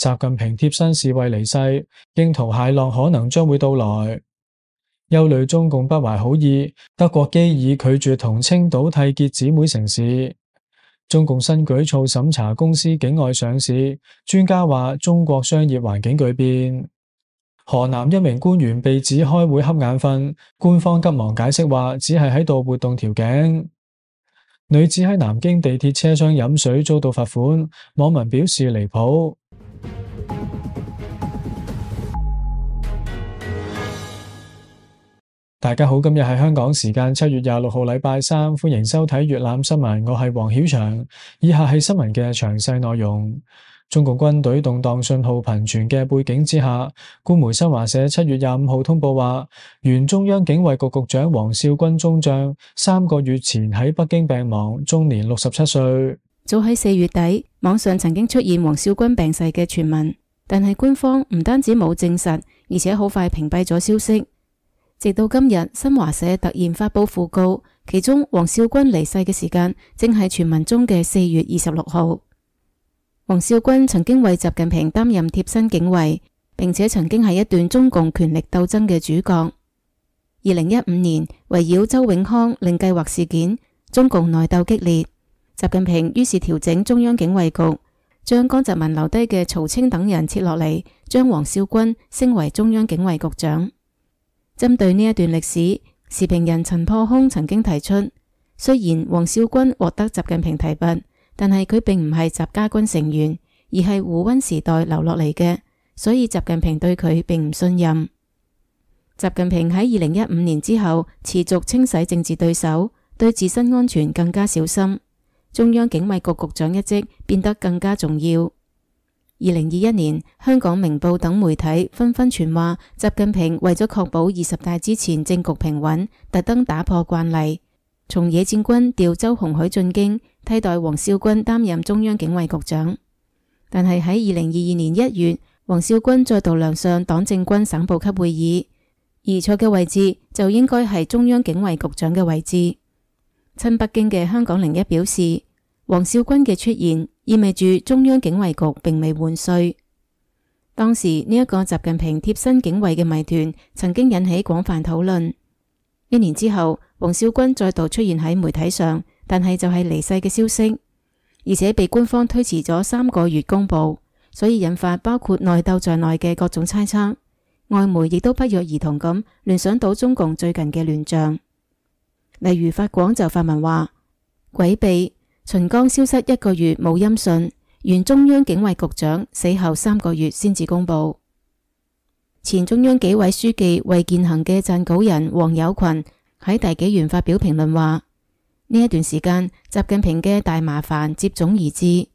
習近平貼身侍衛離世，驚濤駭浪可能將會到來。憂慮中共不懷好意，德國基爾拒絕同青島締結姊妹城市。中共新舉措審查公司境外上市，專家話中國商業環境巨變。河南一名官員被指開會瞌眼瞓，官方急忙解釋話只係喺度活動條頸。女子喺南京地鐵車廂飲水遭到罰款，網民表示離譜。大家好，今日係香港時間七月廿六號禮拜三，歡迎收睇粵覽新聞，我係黃曉翔，以下係新聞嘅詳細內容：中共軍隊動盪信號頻傳嘅背景之下，官媒新華社七月廿五號通報話，原中央警衛局局局長王少軍中將三個月前喺北京病亡，終年六十七歲。早喺四月底，網上曾經出現王少軍病逝嘅傳聞，但係官方唔單止冇證實，而且好快屏蔽咗消息。直到今日，新華社突然發布訃告，其中王少軍離世嘅時間正係傳聞中嘅四月二十六號。王少軍曾經為習近平擔任貼身警衛，並且曾經係一段中共權力鬥爭嘅主角。二零一五年，圍繞周永康令計劃事件，中共內鬥激烈，習近平於是調整中央警衛局，將江澤民留低嘅曹清等人撤落嚟，將王少軍升為中央警衛局長。針對呢一段歷史，時評人陳破空曾經提出，雖然王少軍獲得習近平提拔，但係佢並唔係習家軍成員，而係胡溫時代留落嚟嘅，所以習近平對佢並唔信任。習近平喺二零一五年之後持續清洗政治對手，對自身安全更加小心，中央警衛局局長一職變得更加重要。二零二一年，香港明報等媒體紛紛傳話，習近平為咗確保二十大之前政局平穩，特登打破慣例，從野戰軍調周洪海進京，替代王少軍擔任中央警衛局長。但係喺二零二二年一月，王少軍再度亮相黨政軍省部級會議，而坐嘅位置就應該係中央警衛局長嘅位置。親北京嘅香港零一表示，王少軍嘅出現。意味住中央警衛局並未換帥。當時呢一個習近平貼身警衛嘅謎團，曾經引起廣泛討論。一年之後，王少軍再度出現喺媒體上，但係就係離世嘅消息，而且被官方推遲咗三個月公布，所以引發包括內鬥在內嘅各種猜測。外媒亦都不約而同咁聯想到中共最近嘅亂象，例如法廣就發文話：詭秘。秦剛消失一個月冇音訊，原中央警衛局長死後三個月先至公布。前中央紀委書記尉健行嘅撰稿人王友群喺大紀元發表評論話：呢一段時間，習近平嘅大麻煩接踵而至，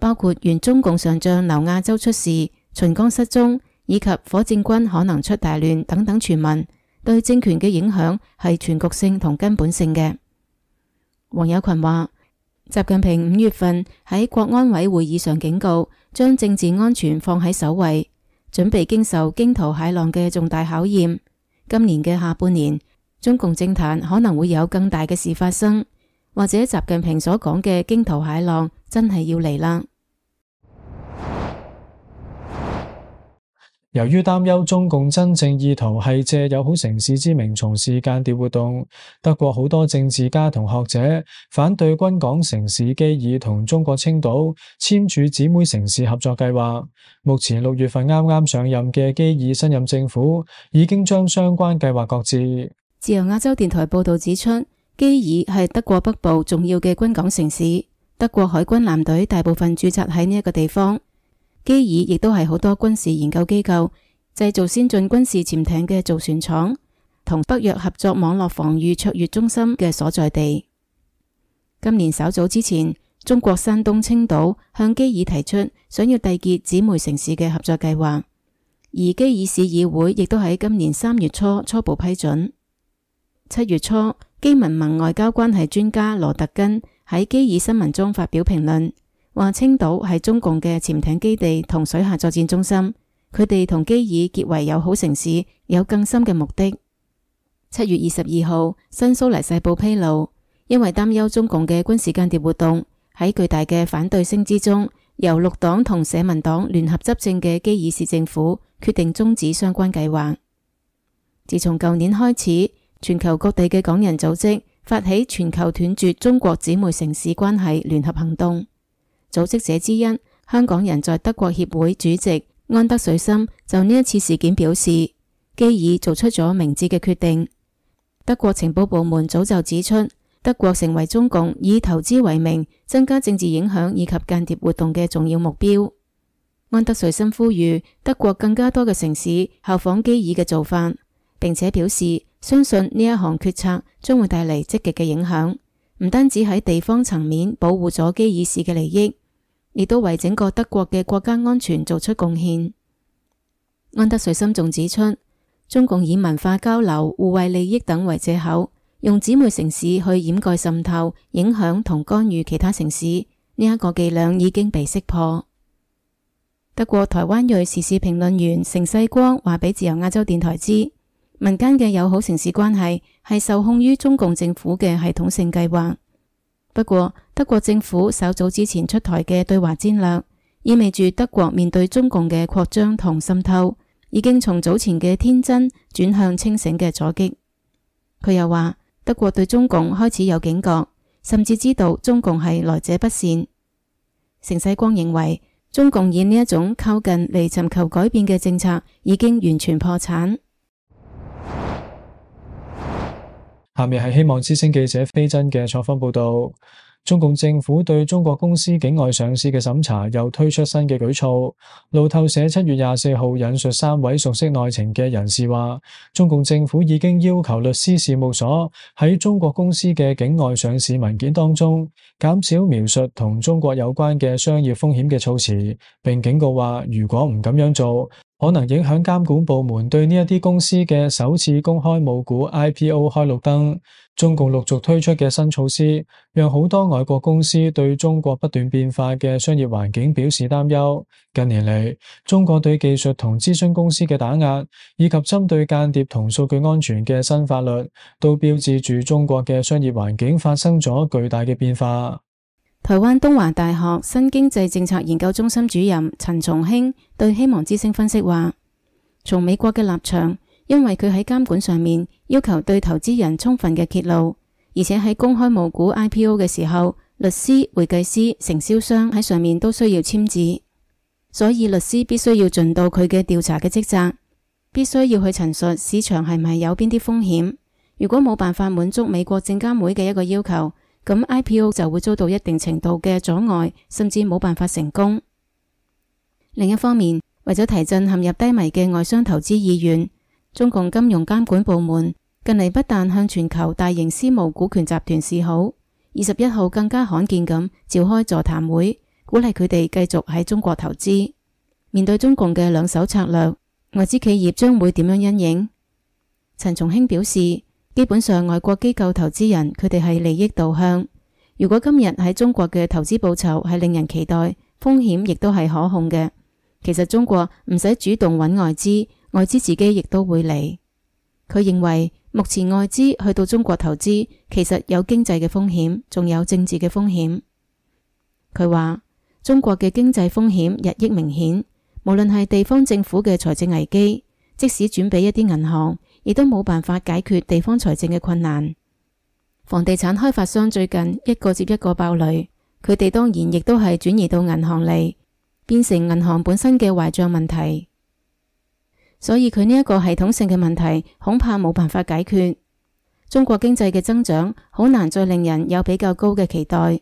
包括原中共上將劉亞洲出事、秦剛失蹤以及火箭軍可能出大亂等等傳聞，對政權嘅影響係全局性同根本性嘅。王友群話。習近平五月份喺國安委會議上警告，將政治安全放喺首位，準備經受驚濤駭浪嘅重大考驗。今年嘅下半年，中共政壇可能會有更大嘅事發生，或者習近平所講嘅驚濤駭浪真係要嚟啦。由於擔憂中共真正意圖係借友好城市之名從事間諜活動，德國好多政治家同學者反對軍港城市基爾同中國青島簽署姊妹城市合作計劃。目前六月份啱啱上任嘅基爾新任政府已經將相關計劃擱置。自由亞洲電台報道指出，基爾係德國北部重要嘅軍港城市，德國海軍艦隊大部分駐紮喺呢一個地方。基爾亦都係好多軍事研究機構、製造先進軍事潛艇嘅造船廠同北約合作網絡防禦卓越中心嘅所在地。今年稍早之前，中國山東青島向基爾提出想要締結姊妹城市嘅合作計劃，而基爾市議會亦都喺今年三月初初步批准。七月初，基民盟外交關係專家羅特根喺基爾新聞中發表評論。話青島係中共嘅潛艇基地同水下作戰中心，佢哋同基爾結為友好城市有更深嘅目的。七月二十二號，新蘇黎世報披露，因為擔憂中共嘅軍事間諜活動，喺巨大嘅反對聲之中，由六黨同社民黨聯合執政嘅基爾市政府決定終止相關計劃。自從舊年開始，全球各地嘅港人組織發起全球斷絕中國姊妹城市關係聯合行動。組織者之一，香港人在德國協會主席安德瑞森就呢一次事件表示，基爾做出咗明智嘅決定。德國情報部門早就指出，德國成為中共以投資為名增加政治影響以及間諜活動嘅重要目標。安德瑞森呼籲德國更加多嘅城市效仿基爾嘅做法，並且表示相信呢一項決策將會帶嚟積極嘅影響，唔單止喺地方層面保護咗基爾市嘅利益，亦都為整個德國嘅國家安全做出貢獻。安德瑞森仲指出，中共以文化交流、互惠利益等為借口，用姊妹城市去掩蓋滲透、影響同干預其他城市，呢一個伎倆已經被識破。德國台灣裔時事評論員盛世光話俾自由亞洲電台知，民間嘅友好城市關係係受控於中共政府嘅系統性計劃。不過，德國政府稍早之前出台嘅對華戰略，意味住德國面對中共嘅擴張同滲透，已經從早前嘅天真轉向清醒嘅阻擊。佢又話，德國對中共開始有警覺，甚至知道中共係來者不善。成世光認為，中共以呢一種靠近嚟尋求改變嘅政策，已經完全破產。下面係希望之聲記者非真嘅採訪報道。中共政府對中國公司境外上市嘅審查又推出新嘅舉措。路透社七月廿四號引述三位熟悉內情嘅人士話，中共政府已經要求律師事務所喺中國公司嘅境外上市文件當中減少描述同中國有關嘅商業風險嘅措辭，並警告話，如果唔咁樣做，可能影響監管部門對呢一啲公司嘅首次公開募股 IPO 開綠燈。中共陸續推出嘅新措施，讓好多外國公司對中國不斷變化嘅商業環境表示擔憂。近年嚟，中國對技術同諮詢公司嘅打壓，以及針對間諜同數據安全嘅新法律，都標誌住中國嘅商業環境發生咗巨大嘅變化。台灣東華大學新經濟政策研究中心主任陳松興，興對希望之聲分析話：從美國嘅立場，因為佢喺監管上面要求對投資人充分嘅揭露，而且喺公開募股 IPO 嘅時候，律師、會計師、承銷商喺上面都需要簽字，所以律師必須要盡到佢嘅調查嘅職責，必須要去陳述市場係咪有邊啲風險。如果冇辦法滿足美國證監會嘅一個要求，咁 IPO 就會遭到一定程度嘅阻礙，甚至冇辦法成功。另一方面，為咗提振陷，陷入低迷嘅外商投資意願。中共金融監管部門近嚟不但向全球大型私募股權集團示好，二十一號更加罕見咁召開座談會，鼓勵佢哋繼續喺中國投資。面對中共嘅兩手策略，外資企業將會點樣因應？陳重興表示，基本上外國機構投資人佢哋係利益導向，如果今日喺中國嘅投資報酬係令人期待，風險亦都係可控嘅。其實中國唔使主動搵外資。外資自己亦都會嚟。佢認為目前外資去到中國投資，其實有經濟嘅風險，仲有政治嘅風險。佢話中國嘅經濟風險日益明顯，無論係地方政府嘅財政危機，即使轉俾一啲銀行，亦都冇辦法解決地方財政嘅困難。房地產開發商最近一個接一個爆雷，佢哋當然亦都係轉移到銀行嚟，變成銀行本身嘅壞賬問題。所以佢呢一個系統性嘅問題恐怕冇辦法解決。中國經濟嘅增長好難再令人有比較高嘅期待。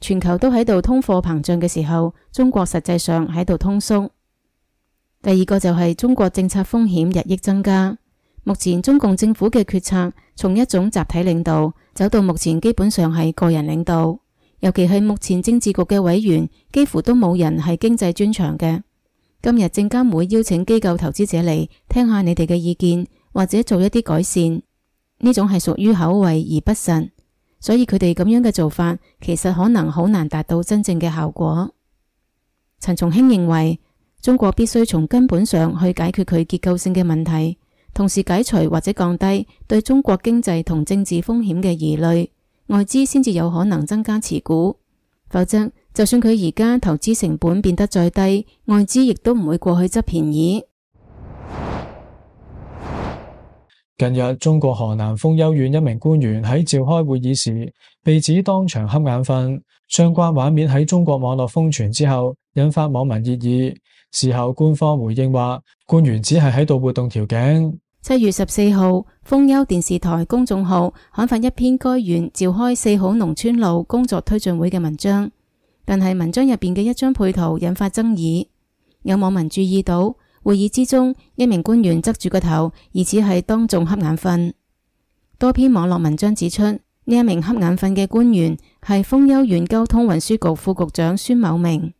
全球都喺度通貨膨脹嘅時候，中國實際上喺度通縮。第二個就係中國政策風險日益增加。目前中共政府嘅決策從一種集體領導走到目前基本上係個人領導，尤其係目前政治局嘅委員幾乎都冇人係經濟專長嘅。今日證監會邀請機構投資者嚟聽下你哋嘅意見，或者做一啲改善，呢種係屬於口惠而不實，所以佢哋咁樣嘅做法，其實可能好難達到真正嘅效果。陳重興認為，中國必須從根本上去解決佢結構性嘅問題，同時解除或者降低對中國經濟同政治風險嘅疑慮，外資先至有可能增加持股，否則，就算佢而家投資成本變得再低，外資亦都唔會過去執便宜。近日，中國河南封丘縣一名官員喺召開會議時被指當場瞌眼瞓，相關畫面喺中國網絡瘋傳之後，引發網民熱議。事後，官方回應話，官員只係喺度活動條頸。七月十四號，封丘電視台公眾號刊發一篇該縣召開四好農村路工作推進會嘅文章。但係文章入邊嘅一張配圖引發爭議，有網民注意到會議之中一名官員側住個頭，疑似係當眾瞌眼瞓。多篇網絡文章指出呢一名瞌眼瞓嘅官員係封丘縣交通運輸局副局長孫某明。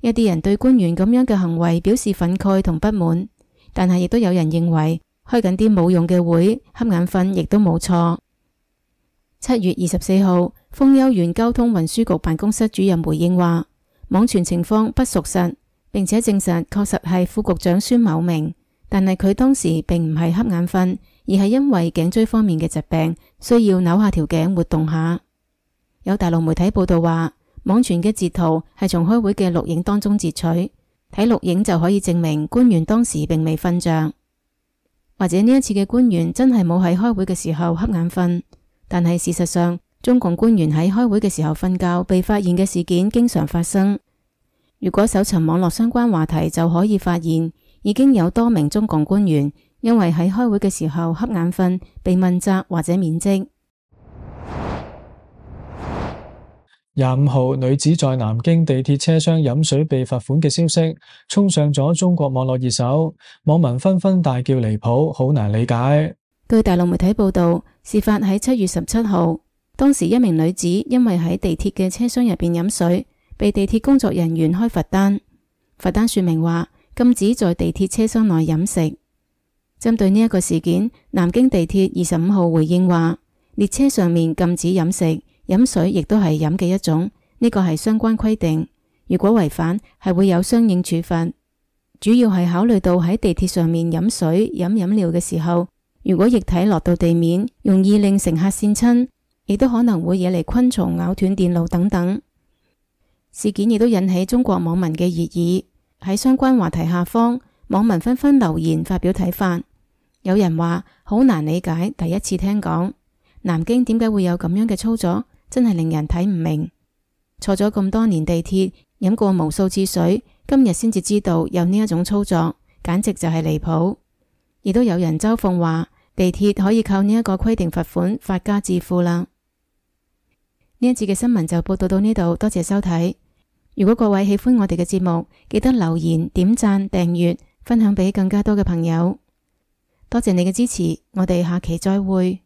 一啲人對官員咁樣嘅行為表示憤慨同不滿，但係亦都有人認為開緊啲冇用嘅會瞌眼瞓亦都冇錯。七月二十四號。豐丘縣交通運輸局辦公室主任回應話：網傳情況不屬實，並且證實確實係副局長孫某明，但係佢當時並唔係瞌眼瞓，而係因為頸椎方面嘅疾病需要扭下條頸活動下。有大陸媒體報道話，網傳嘅截圖係從開會嘅錄影當中截取，睇錄影就可以證明官員當時並未瞓着，或者呢一次嘅官員真係冇喺開會嘅時候瞌眼瞓，但係事實上。中共官員喺開會嘅時候瞓覺被發現嘅事件經常發生。如果搜尋網絡相關話題，就可以發現已經有多名中共官員因為喺開會嘅時候瞌眼瞓被問責或者免職。廿五號女子在南京地鐵車廂飲水被罰款嘅消息沖上咗中國網絡熱搜，網民紛紛大叫離譜，好難理解。據大陸媒體報道，事發喺七月十七號。當時一名女子因為喺地鐵嘅車廂入邊飲水，被地鐵工作人員開罰單。罰單說明話，禁止在地鐵車廂內飲食。針對呢一個事件，南京地鐵二十五號回應話，列車上面禁止飲食，飲水亦都係飲嘅一種，呢個係相關規定。如果違反係會有相應處罰，主要係考慮到喺地鐵上面飲水、飲飲料嘅時候，如果液體落到地面，容易令乘客跣親。亦都可能會惹嚟昆蟲咬斷電路等等事件，亦都引起中國網民嘅熱議。喺相關話題下方，網民紛紛留言發表睇法。有人話好難理解，第一次聽講南京點解會有咁樣嘅操作，真係令人睇唔明。坐咗咁多年地鐵，飲過無數次水，今日先至知道有呢一種操作，簡直就係離譜。亦都有人嘲諷話，地鐵可以靠呢一個規定罰款發家致富啦。呢一次嘅新聞就報道到呢度，多謝收睇。如果各位喜歡我哋嘅節目，記得留言、點讚、訂閱、分享俾更加多嘅朋友。多謝你嘅支持，我哋下期再會。